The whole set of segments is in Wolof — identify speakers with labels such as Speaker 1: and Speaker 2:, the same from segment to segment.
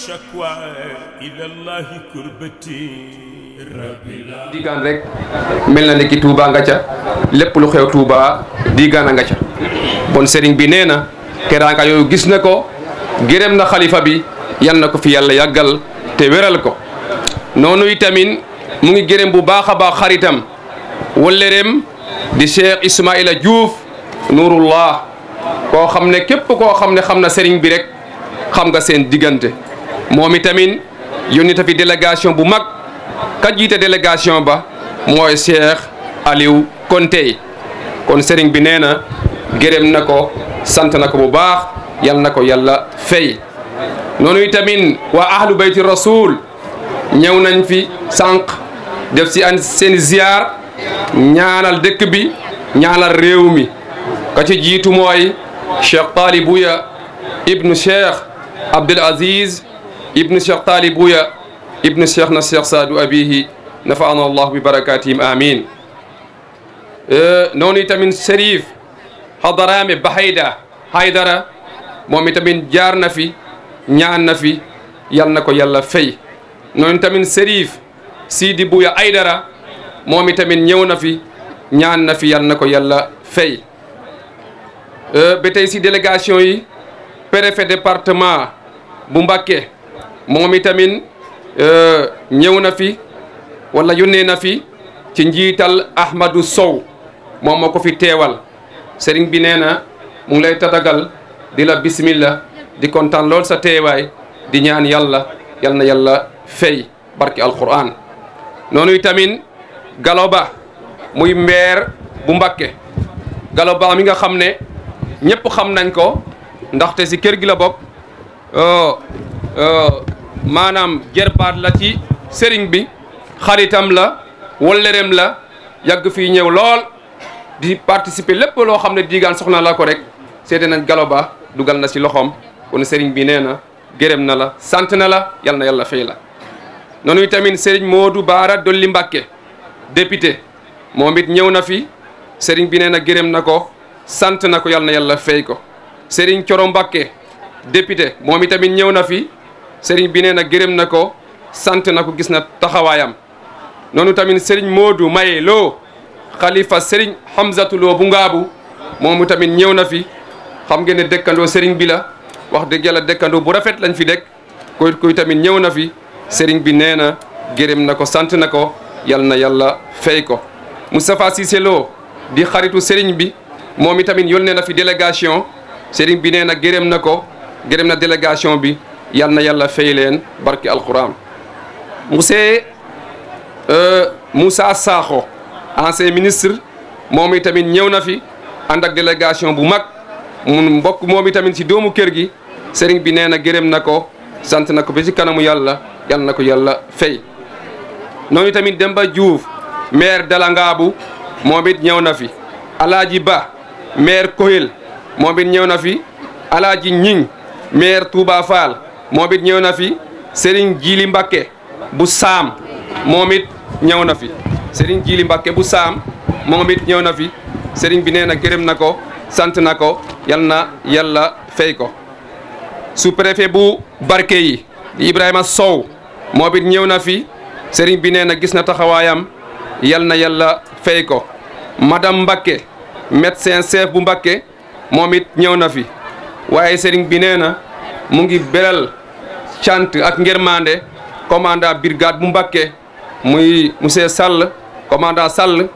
Speaker 1: الشكوى إلى الله كربتي rek mel na ni ki Touba nga ca lépp lu xew Touba diigaan nga ca bon sëriñ bi nee na teraanga yooyu gis na ko gërëm na xalifa bi yan na ko fi yàlla yàggal te wéral ko noonu itamit mu ngi gërëm bu baax a baax xaritam wëllëreem di Cheikh Ismaïla Diouf Nuurullah koo xam ne képp koo xam ne xam na sëriñ bi rek xam nga seen diggante moom itamit yónni ta fi délégation bu mag ka jiite délégation ba mooy Cheikh Aliou Konté kon sëriñ bi nee na gërëm na ko sant na ko bu baax yal na ko yàlla fay noonu itamit waa ahlu bayti rasul ñëw nañ fi sànq def si an seen ziar ñaanal dëkk bi ñaanal réew mi ka ci jiitu mooy Cheikh Taalibuya ibnu Cheikh Abdul ibnu cheikh taali buya ibnu cheikh na cheikh saadu abihi nafaana allahu bi barakatihim amin e, noonu itamit sérif hadaraame bahayda haydara moom itamit jaar na fi ñaan na fi yal na ko yàlla fay noonu tamit sérif siidi buya aydara moom itamit ñëw na fi ñaan na fi yal na ko yàlla fay e, ba tey si délégation yi préfet département bu Mbacké moom tamit euh, ñëw na fi wala yónnee na fi ci njiital Ahmadou Sow moom moo ko fi teewal sëriñ bi nee na mu ngi lay tatagal di la bismillah di kontaan lool sa teewaay di ñaan yàlla yal na yàlla fay barki alquran noonu itamit tamit galoba muy maire bu Mbacké Gallo mi nga xam ne ñëpp xam nañ ko ndaxte si kër gi la bokk euh, euh, maanaam gerbaat la ci sëriñ bi xaritam la wollereem la yàgg fi ñëw lool di participer lépp loo xam ne diigaan soxna la ko rek seete nañ galo ba dugal na ci loxoom kon sëriñ bi nee na gërëm na la sant na la yal na yàlla fay la noonu tamit sëriñ Modou Baara Dolli Mbàkke député moom it ñëw na fi sëriñ bi nee na gërëm na ko sant na ko yal na yàlla fay ko sëriñ Coro Mbàkke député moom tamit ñëw na fi sëriñ bi nee na gërëm na ko sant na ko gis na taxawaayam noonu tamit sëriñ Modou Maye loo xalifa sëriñ Hamzatu Lo bu Ngaabu moomu tamit ñëw na fi xam ngeen ne dëkkandoo sëriñ bi la wax dëgg yàlla dëkkandoo bu rafet lañ fi dëkk koy koy tamit ñëw na fi sëriñ bi nee na gërëm na ko sant na ko yal na yàlla fay ko Moustapha Cissé Lo di xaritu sëriñ bi moom i tamit yónnee na fi délégation sëriñ bi nee na gërëm na ko gërëm na délégation bi yal na yàlla fay leen barki alquran monsieur Moussa Sakho ancien ministre moom itamit ñëw na fi ànd ak délégation bu mag mun mbokk moom itamit ci doomu kër gi sëriñ bi nee na gërëm na ko sant na ko ba si kanamu yàlla yal na ko yàlla fay noonu tamit Demba Diouf maire Dalangaabu moom it ñëw na fi Alaaji Ba maire Kohil moom it ñëw na fi Alaaji Ñing maire Touba Fall moom ñëw na fi Serigne Jili mbakke bu saam moom ñëw na fi Serigne Jili Mbacke bu saam moomit ñëw na fi sëriñ bi nee na gërëm na ko sant na ko yal na yalla fay ko sous préfet bu barke yi Ibrahima soow moom ñëw na fi sëriñ bi nee na gis na taxawaayam yal na yàlla fay ko madame mbakke médecin chef bu Mbacke moom ñëw na fi waaye Serigne bi mu ngi beral cant ak ngermande commandant brigade bu Mbacké muy monsieur Sall commandant Sall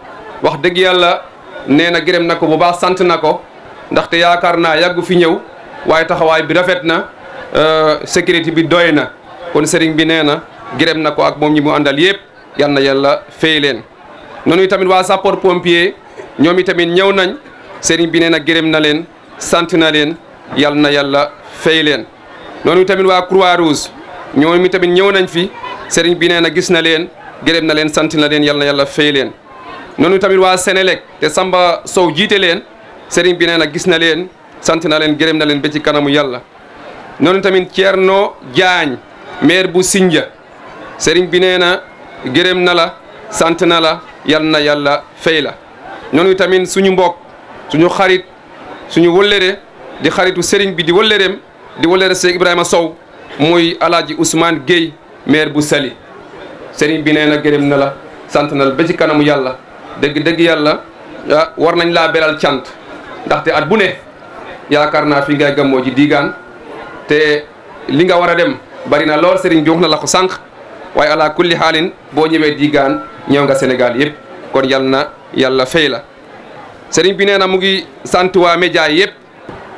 Speaker 1: wax dëgg yàlla nee na gërëm na ko bu baax sant na ko ndaxte yaakaar naa yàggu fi ñëw waaye taxawaay bi rafet na euh, sécurité bi doy na kon sëriñ bi nee na gërëm na ko ak moom ñi mu àndal yëpp yal na yàlla fay leen. noonu tamit waa sapeur pompier ñoom itamit ñëw nañ sëriñ bi nee na gërëm na leen sant na leen yal na yàlla fay leen. noonu tamit waa Croix Rouge ñooñu tamit ñëw nañ fi sëriñ bi nee na gis na leen gërëm na leen sant na leen yal na yàlla fay leen. noonu tamit waa senelek te Samba Sow jiite leen sëriñ bi nee na gis na leen sant na leen gërëm na leen ba ci kanamu yàlla noonu tamit Thierno Diagne maire bu Sinja sëriñ bi nee na gërëm na la sant na la yal na yàlla fay la noonu tamit suñu mbok suñu xarit suñu wëllëre di xaritu sëriñ bi di wëllëreem. di wëlëre Seeg Ibrahima Sow muy alaaji Ousmane Guèye maire bu Saly sëriñ bi nee na gërëm na la sant na la ba kanamu yàlla dëgg dëgg yàlla ah, war nañ laa beral cant ndaxte at bu ne yaakaar naa fi ngay gàmmoo ji diigaan te li nga war a dem bari na lool sëriñ bi na la ko sànq waaye ala kulli xaalin boo ñëwee diigaan ñëw nga Sénégal yëpp kon yal na yàlla fay la sëriñ bi nee na mu ngi sant waa média yëpp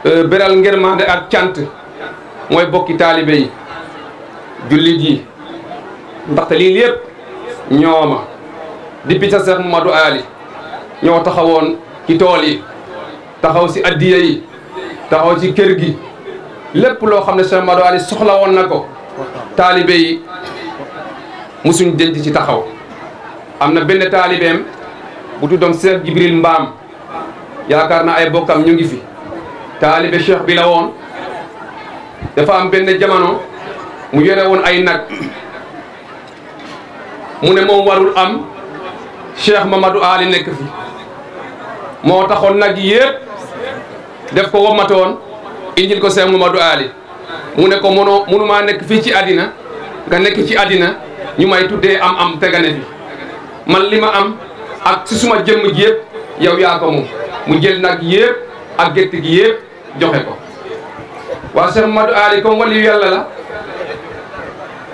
Speaker 1: euh, beral ngërmande ak cant mooy bokki taalibe yi ji yi ndaxte lii lépp ñooma depuis sa Seex Mamadu Ali ñoo taxawoon ki tool yi taxaw si addiya yi taxaw ci kër gi lépp loo xam ne Seex Mamadu Ali soxla woon na ko taalibe yi musuñ denc ci taxaw am na benn taalibeem bu tuddoon Cheikh Jibril Mbaam yaakaar na ay bokkam ñu ngi fi taalibe Cheikh bi woon dafa am benn jamono mu yore woon ay nag mu ne moom warul am Cheikh Mamadou Ali nekk fi moo taxoon nag yépp def ko womatoon indil ko Cheikh Mamadou Ali mu ne ko mënoo mënumaa nekk fii ci àddina nga nekk ci àddina ñu may tuddee am am te fi man li ma am ak si suma jëmm ji yëpp yow yaa ko moom mu jël nag yépp ak gétt gi yëpp joxe ko waaw Cheikh Madou Ali comme waliyu yàlla la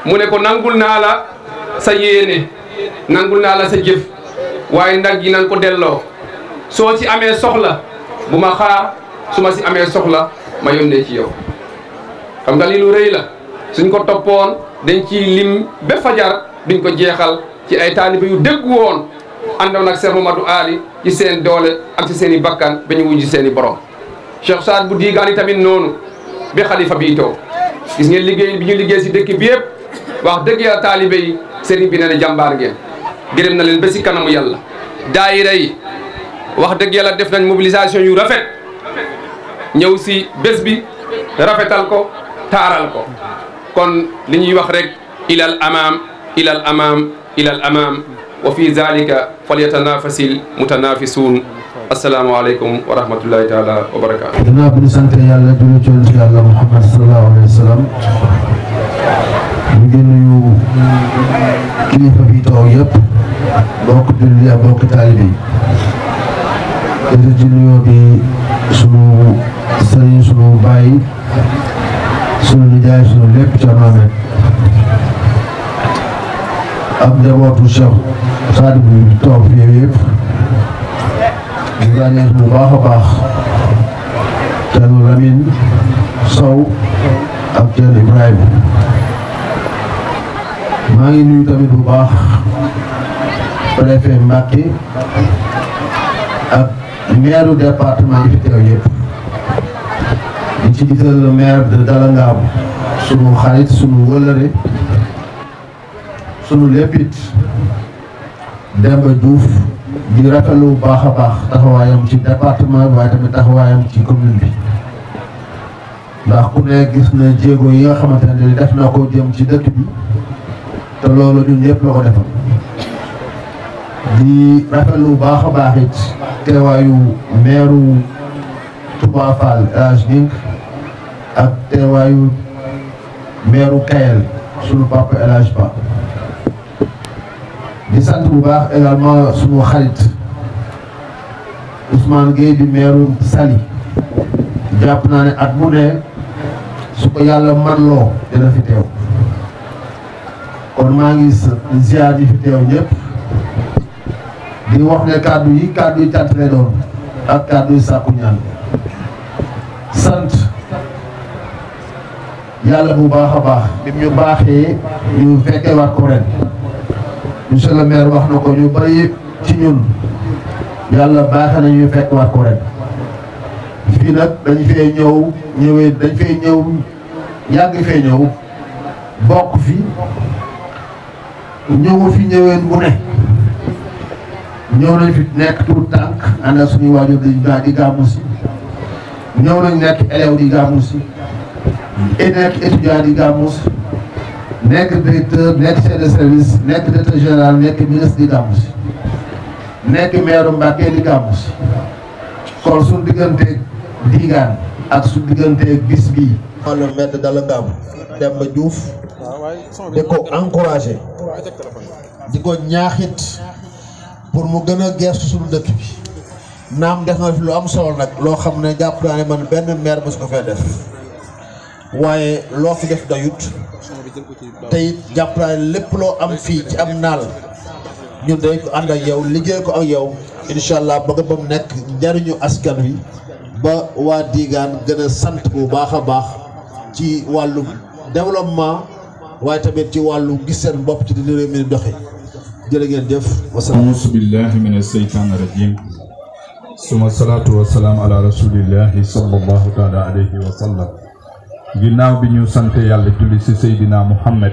Speaker 1: mu ne ko nangul naa la sa yéene nangul naa la sa jëf waaye ndag yi nanga ko delloo soo ci amee soxla bu ma xaar su ma si amee soxla ma yónnee ci yow xam nga lii lu rëy la suñ ko toppoon dañ ci lim ba fajar duñ ko jeexal ci ay taalibe yu dégg woon àndoon ak Cheikh Mamadou Ali ci seen doole ak ci seeni i bakkan ba ñu wujj seen i borom Cheikh Saad bu diigaani tamit noonu bi xalifa bi toog si ngeen liggéey bi ñu liggéey si dëkk bi yëpp wax dëgg yàlla taalibe yi sëriñ bi nee na jàmbaar ngeen gërëm na leen ba si kanamu yàlla daayira yi wax dëgg yàlla def nañ mobilisation yu rafet ñëw si bés bi rafetal ko taaral ko kon li ñuy wax rek ilal amaam ilal amaam ilal amaam wa fi zalika falyatanafasil mutanafisuun asalaamaaleykum wa rahmatullahi taala wa barakaatu. gannaaw
Speaker 2: bi ñu sant yàlla julli ci yonent yàlla Muhammad sallallahu alayhi wa sallam ñu ngi nuyu kilifa bi toog yëpp bokk julli ak bokk taalibe yi. di ci nuyoo bi sunu sëriñ sunu baay sunu nijaay sunu lépp ca noonu ak njabootu Cheikh Sadibou bi toog fii yëpp. di bu baax a baax Thierno Lamine Sow ak Thierno Ibrahima maa ngi nuyu tamit bu baax préfet Mbacké ak maire département yi fi teew yëpp di ci gisal le maire de Dalangam sunu xarit sunu wëlëre sunu léppit Demba Diouf di rafetlu bu baax a baax taxawaayam ci département bi waaye tamit taxawaayam ci commune bi ndax ku ne jéego yi nga xamante ne def na ko jëm ci dëkk bi te loolu ñun ñëpp la ko bu baax a baax it teewaayu meeru Touba Fall El Hadj Dink ak teewaayu meeru Kayel sunu papa El Hadj di sant bu baax également sunu xarit Ousmane Gueye di meeru Saly jàpp naa ne ak mu su ko yàlla man loo dina fi teew kon maa ngi ziar yi fi teew ñëpp di wax ne kàddu yi kàddu yi cant doon ak kàddu sàkku ñaan sant yàlla bu baax a baax bi ñu baaxee ñu fekke waat ko ren monsieur le maire wax na ko ñu bari ci ñun yàlla baaxe nañuy fekk waat ko ren fii nag dañ fee ñëw ñëwee dañ fee ñëw yàgg fee ñëw bokk fi ñëwu fi ñëween bu ne ñëw nañ fi nekk tout tànk ànd ak suñuy waajur di gaa di gàmmu si ñëw nañ nekk élève di gàmmu si et nekk étudiant di gàmmu si nekk directeur nekk chef de service nekk directeur général nekk ministre di gàmmu si nekk maire Mbàkke di gàmmu si kon su digganteeg diigaan ak su digganteeg bis bii. le maire dala gàmm Demba Diouf di ko encouragé di ko ñaaxit pour mu gën a geestu suñu dëkk bi naam def na fi lu am solo nag loo xam ne jàpp naa ne man benn maire ba su ko fee def waaye loo fi def doyut te it jàpp naa lépp loo am fii ci am naal ñun dañ ko ànd ak yow liggéey ko ak yow incha allah ba nga ba mu nekk njariñu askan wi ba waa Diegane gën sant bu baax a baax ci wàllu développement waaye tamit ci wàllu gis seen bopp ci dina réew mi doxe jërë ngeen jëf wasalaam auzu
Speaker 3: billahi min aseytaan rajim suma salaatu wasalaam ala rasulillahi sallallahu taala alayhi wa ginnaaw bi ñu sant yàlla julli ci Seydina Muhammad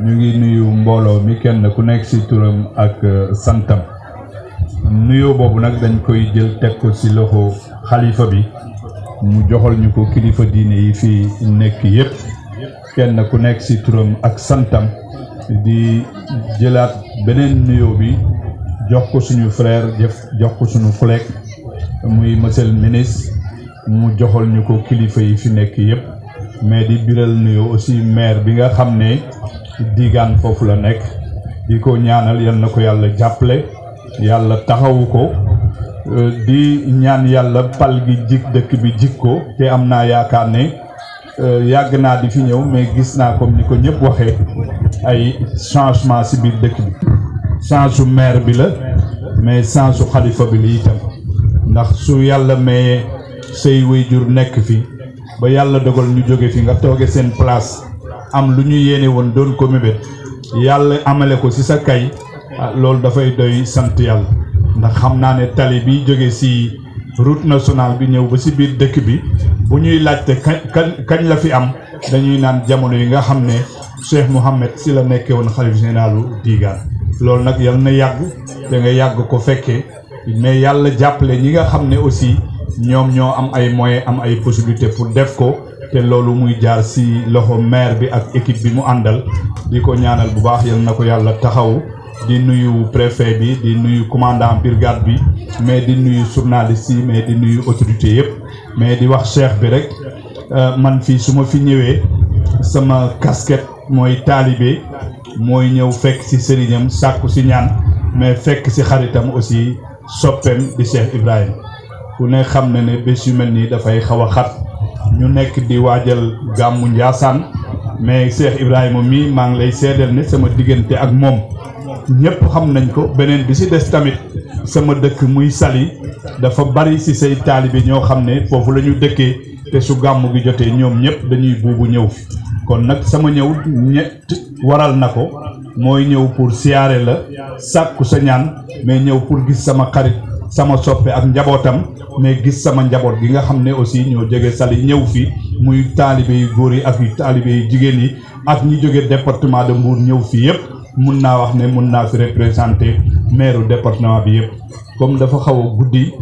Speaker 3: ñu ngi nuyu mbooloo mi kenn ku nekk ci turam ak euh, santam nuyoo boobu nag dañ koy jël teg ci loxo xalifa bi mu joxal ñu ko kilifa diine yi fi nekk yépp kenn ku nekk ci turam ak santam di jëlaat beneen nuyoo bi jox ko suñu frère jëf jox ko suñu collègue muy monsieur le mu joxal ñu ko kilifa yi fi nekk yépp mais di biral nuyu aussi maire bi nga xam ne diigaan foofu la nekk di ko ñaanal yal na ko yàlla jàppale yàlla taxawu ko euh, di ñaan yàlla pal gi jik dëkk bi jik ko te am naa yaakaar ne euh, yàgg naa di fi ñëw mais gis naa ko ni ko ñëpp waxee ay changement ci biir dëkk bi change su maire bi la mais change su xalifa bi la itam ndax su yàlla mayee say waajur nekk fi ba yàlla dogal ñu jóge fi nga tooge seen place am lu ñuy yéene woon doon ko mébét yàlla amale ko ci sa kay ah, loolu dafay doy sant yàlla ndax xam naa ne tali bi jóge ci route nationale bi ñëw ba ci biir dëkk bi bu ñuy laajte kañ kañ la fi am dañuy naan jamono yi nga xam ne Cheikh Mouhamed ci la nekkee woon xalif généralu diigaan loolu nag yal na yàgg te nga yàgg ko fekkee mais yàlla jàppale ñi nga xam ne aussi ñoom ñoo am ay moyens am ay possibilité pour def ko te loolu muy jaar si loxo maire bi ak équipe bi mu àndal di ko ñaanal bu baax yal na ko yàlla taxaw di nuyu préfet bi di nuyu commandant brigade bi mais di nuyu journaliste yi mais di nuyu autorité yëpp mais di wax cheikh bi rek euh, man fii su ma fi ñëwee sama casquette mooy taalibe mooy ñëw fekk si sëriñam sàkku si ñaan mais fekk si xaritam aussi soppeem di Cheikh Ibrahima ku ne xam ne ne bés yu mel nii dafay xaw xat ñu nekk di waajal gàmmu Njaasaan mais Cheikh Ibrahima mii maa ngi lay seedeel ne sama diggante ak moom ñëpp xam nañ ko beneen bi ci des tamit sama dëkk muy Saly dafa bari ci say taalibe ñoo xam ne foofu la ñu dëkkee te su gàmmu gi jotee ñoom ñëpp dañuy buubu ñëw kon nag sama ñëw ñett waral na ko mooy ñëw pour siyaare la sàkku sa ñaan mais ñëw pour gis sama xarit sama soppe ak njabootam mais gis sama njaboot gi nga xam ne aussi ñoo jege Saly ñëw fi muy taalibe yu góor yi ak yu taalibe yu jigéen yi ak ñi jóge département de Mbour ñëw fi yëpp mun naa wax ne mun naa fi représenté maire département bi yëpp comme dafa xaw a guddi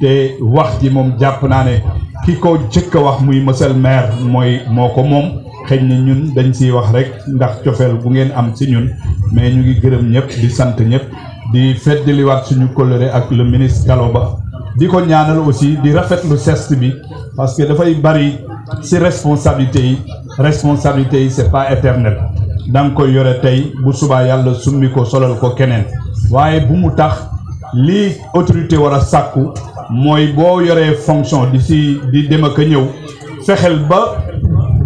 Speaker 3: te wax ji moom jàpp naa ne ki ko jëkk a wax muy monsieur le maire mooy moo ko moom xëy ne ñun dañ siy wax rek ndax cofeel bu ngeen am si ñun mais ñu ngi gërëm ñëpp di sant ñëpp di feddaliwaat suñu coloré ak le ministre Kaloba di ko ñaanal aussi di rafetlu geste bi parce que dafay bari ci responsabilité yi responsabilité yi c'est pas éternel da nga koy yore tey bu subaa yàlla summi ko solal ko keneen waaye bu mu tax lii autorité war a sàkku mooy boo yoree fonction di si di dem ak ñëw fexeel ba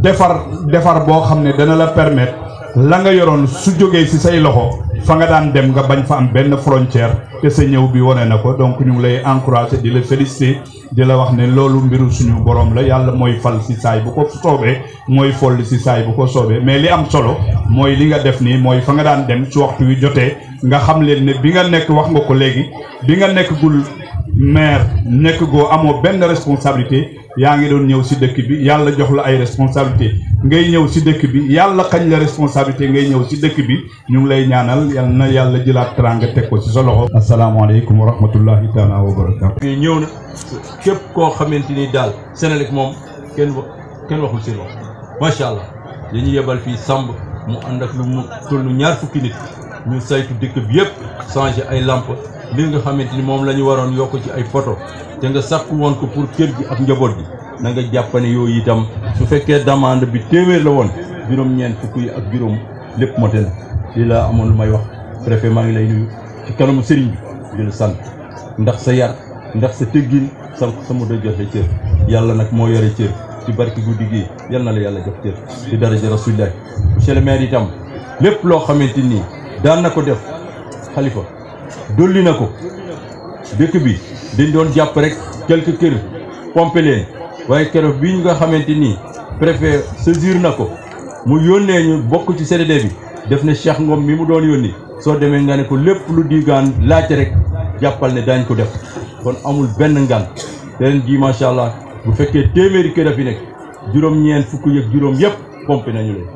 Speaker 3: defar defar boo xam ne dana la permettre la nga yoroon su jógee ci say loxo fa nga daan dem nga bañ fa am benn frontière te sa ñëw bi wane na ko donc ñu ngi lay encouragé di la félicité di la wax ne loolu mbiru suñu borom la yàlla mooy fal si saay bu ko soobee mooy foll si saay bu ko soobee mais li am solo mooy li nga def nii mooy fa nga daan dem ci waxtu wi jotee nga xam leen ne bi nga nekk wax nga ko léegi bi nga nekk gul maire nekk goo amoo benn responsabilité yaa ngi doon ñëw si dëkk bi yàlla jox la ay responsabilité ngay ñëw si dëkk bi yàlla xañ la responsabilité ngay ñëw si dëkk bi ñu ngi lay ñaanal yal na yàlla jëlaat teranga teg ko si sa loxo. asalaamaaleykum wa rahmatullahi taala wa barakaatu.
Speaker 4: ñëw na képp koo xamante ni daal Senelec moom kenn kenn waxul seen wax macha allah dañu yebal fii Samb mu ànd ak lu mu toll ñaar fukki nit. ñu saytu dëkk bi yëpp changé ay làmp li nga xamante ni moom la ñu waroon yokk ci ay poto te nga sàkku woon ko pour kër gi ak njaboot gi na nga jàppane yooyu itam su fekkee demande bi téeméer la woon juróom-ñeent fukk yi ak juróom lépp mote na lii laa amoon lu may wax préfet maa ngi lay nuyu ci kanamu sëriñ bi di sant ndax sa yar ndax sa tëggin sa sama do joxe cër yàlla nag moo yore cër ci barki guddi gi yal na la yàlla jox cër ci daraja rasulilah monsieur le daan na ko def xalifa dolli na ko dëkk bi dañ doon jàpp rek quelque kër pompe leen waaye keroog bii ñu nga xamante ni préfet saisir na ko mu yónnee ñu bokk ci CDD bi def na Cheikh Ngom mi mu doon yónni soo demee nga ne ko lépp lu digaan laajte rek jàppal ne daañ ko def kon amul benn ngan leen ji macha allah bu fekkee téeméeri kër a fi nekk juróom-ñeent fukk yëg juróom yëpp pompe nañu leen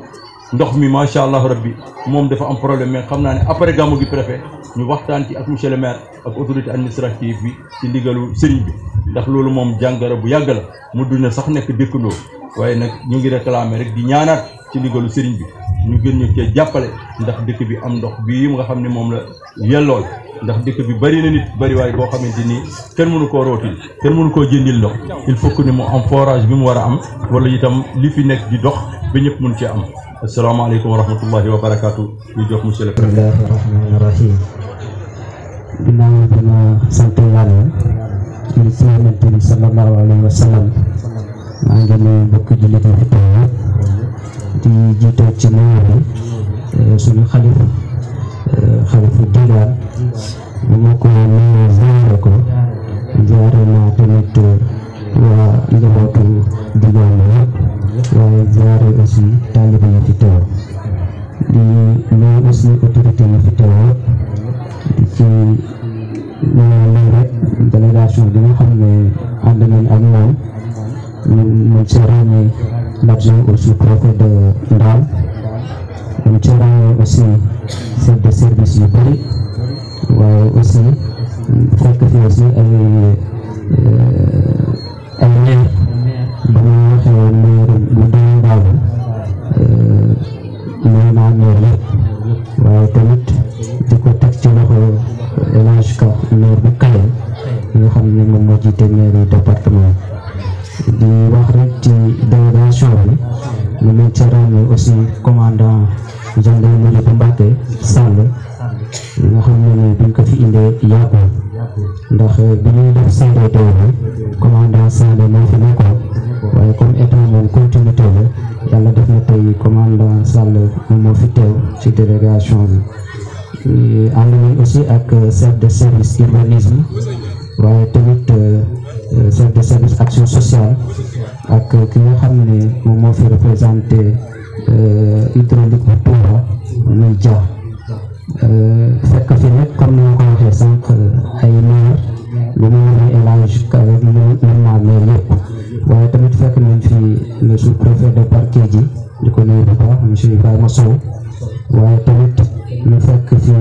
Speaker 4: ndox mi macha allah rabbi moom dafa am problème mais xam naa ne après gàmmu gi préfet ñu waxtaan ci ak monsieur le maire ak autorité administrative bi ci ndigalu sëriñ bi ndax loolu moom jàngara bu yàgg la mu duna sax nekk dëkkandoo waaye nag ñu ngi réclamer rek di ñaanaat ci ndigalu sëriñ bi ñu gën ñu cee jàppale ndax dëkk bi am ndox bii nga xam ne moom la yellool ndax dëkk bi bari na nit bariwaay boo xamante ni kenn mënu koo rootil kenn mën koo jëndil ndox il faut que ni mu am forage bi mu war a am wala itam li fi nekk di dox ñëpp mun cee am asalaamaaleykum wa wa barakaatu ñu jox monsieur le président rahmaani rahim
Speaker 5: ginnaaw dina sant yàlla ñu ci yonent bi sallallahu alayhi wa sallam maa ngi nuyu mbokk jullit yi fi teew di jiitoo ci nuyu bi eh, suñu xalif eh, xalifu diiwaan bu ma ko nuyu ziare ko ziare naa tamit eh, waa njabootu diiwaan yëpp waaye ziare aussi taalibe yi fi teew di nuyu aussi autorité yi fi teew di ci nuyu rek délégation bi nga xam ne ànd nañ ak ñoom ñun ñu ci ràññee l'adjoint au sous-préfet de Ndar ñu ci aussi chef service yu bëri waaye aussi fekk fi aussi ay euh, ay maire ba ñu waxee néew yëpp waaye tamit di ko teg ci loxo El Hadj Ka maire bu Kayoor nga xam ne moom moo jiite mairie département di wax rek ci délégation bi ñu mën ca ràññee aussi commandant gendarmerie bu Mbàkke Sall nga xam ne ni biñ ko fi indee yàggul ndax bi ñuy def Sall doo bi commandant Sall moo fi nekkoon waaye comme état moom commandant Sall moom moo fi teew ci délégation bi ànd nañ aussi ak chef de service urbanisme waaye tamit chef de service action sociale ak ki nga xam ne moom moo fi représenté hydraulique bu Touba muy Dia fekk fi nag comme ni ma ko waxee sànq ay maire lu mu ne élage avec lu mu ne waaye tamit fekk nañ fi le sous-préfet de parquet ji di ko nuyu bu baax monsieur Ibrahima Sow waaye tamit ñu fekk fi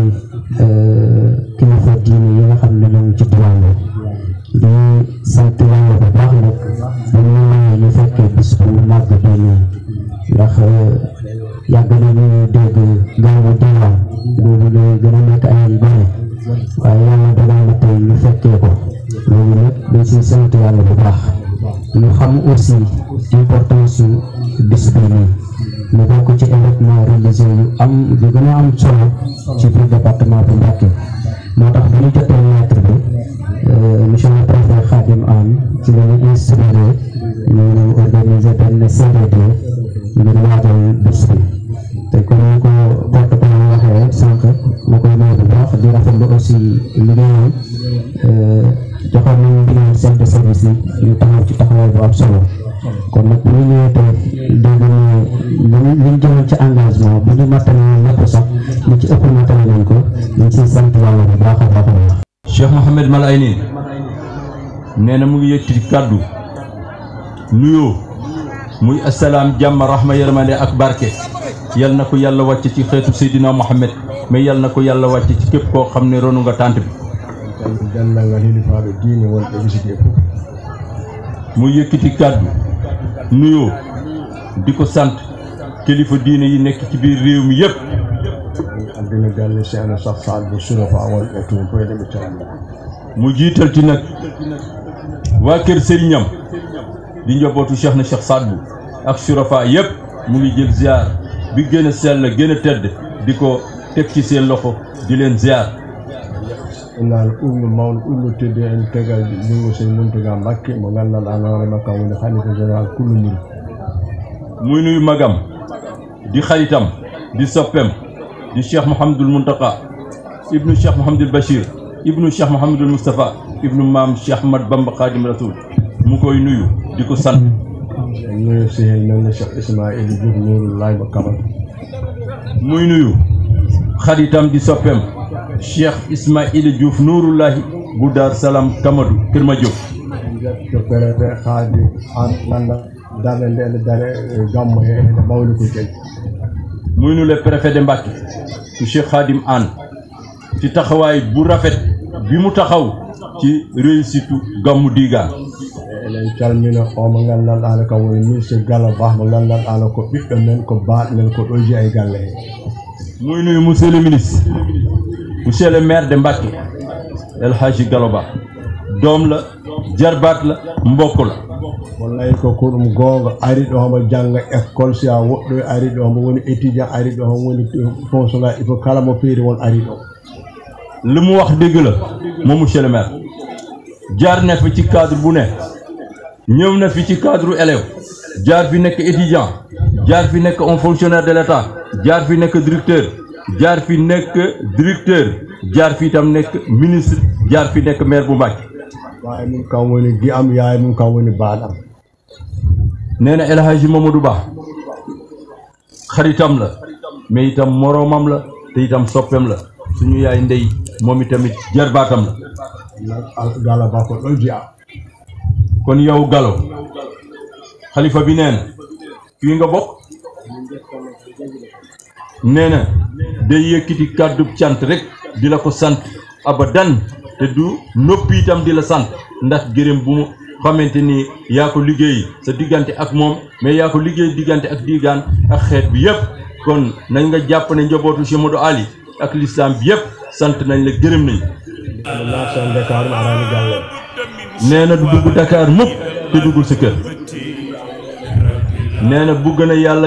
Speaker 5: eh, kilifa diine yi xam ne ñoo ngi ci bu baax ñu mayee ñu fekk bis nii ndax eh, yàgg nañu dégg gaawu diwaan boobu la gën a nekk ay yu bëri waaye yàlla dogal na tey ñu fekkee ko loolu nag dañ siy sant yàlla bu baax ñu xam aussi su bis mu bokk ci événement religieux yu am yu gën a am solo ci biir département bu Mbacké moo tax bu ñu jotee lettre bi euh, monsieur le préfet Khadim Anne ci la ñu ñu ñu organiser benn CDD ngir waajal bis te comme ni ko porte parole waxee sànq ma koy nuyu bu baax di rafetlu aussi liggéeyam euh, joxoon nañu ndigal chef service yi ñu taxaw ci taxawaay bu am solo kon nag bu ñu ñëwee tey dégg naa ci engagement bu ñu matalal lépp ci ëpp matalal nañ ko dañ sant yàlla bu a baax a baax.
Speaker 4: Cheikh Mouhamed Mal Ayni nee na mu ngi yëkkati kàddu nuyoo muy asalaam jàmm rahma yërmande ak barke yal na ko yàlla wàcc ci xeetu Seydina Mouhamed mais yal na ko yàlla wàcc ci képp koo xam ne ronu nga tànt bi. muy yëkkati kàddu. nuyoo di ko sant kilifa diine yi nekk ci biir réew mi yëpp. mu jiital ci nag waa kër sëriñam di njabootu Cheikh na Cheikh Sadbou ak surafa yëpp mu ngi jël ziar bi gën a sell gën a tedd di ko teg ci seen loxo di leen ziar. ilal muy nuyu magam di xaritam di soppem di cheikh mouhamadul muntaka ibnu cheikh mouhamadul bachir ibnu cheikh mouhamadul moustapha ibnu maam cheikh ahmad bamba khadim rasoul mu koy nuyu di ko sant
Speaker 3: nuyu si hel mel
Speaker 4: muy nuyu xaritam di soppem Cheikh Ismaïla Diouf Nourullahi bu Dar Salam Kamadu Kër Madiop muy nu le préfet de Mbacké su Cheikh Khadim Anne ci taxawaay bu rafet bi mu taxaw ci réussite gàmmu Digaan
Speaker 3: enen calmina omo gandanɗano kam woni ministre gala ba mo gandanɗano ko ɓiɗɗo men ko baaɗo men ko ɗoji e galle he muy nuyu monsieur le
Speaker 4: monsieur le maire de Mbacké El Hadji Gallo doom la jarbaat la mbokk la
Speaker 3: wallayi ko ko ɗum goonga ari ɗo homo jannga école si a woɗɗoy ari ɗo homo woni
Speaker 4: euh, mu wax dëgg la moom monsieur le maire jaar na fi ci cadre bu ne ñëw na fi ci cadre élève jaar fi nekk étudiant jaar fi nekk un fonctionnaire de l'état jaar fi nekk directeur jaar fi nekk directeur jaar fi nekk ministre jaar fi nekk maire bu Mbàkke
Speaker 3: waaye mun kam
Speaker 4: woni gi am na El Hadji Mamadou Ba xaritam la mais itam moroomam la te itam soppeem la suñu yaay ndey moom itamit jarbaatam
Speaker 3: la
Speaker 4: kon yow Gallo xalifa bi nee fii nga bokk nee day yëkkati kàddu cant rek di la ko sant abadan te du noppi itam di la sant ndax gërëm bu xamante ni yaa ko liggéey sa diggante ak moom mais yaa ko liggéey diggante ak diigaan ak xeet bi yëpp kon nañ nga jàpp ne njabootu Cheikh Modou Ali ak lislaam bi yëpp sant nañ la gërëm nañ nee na du dugg Dakar mukk te duggul sa kër nee na bugg yàlla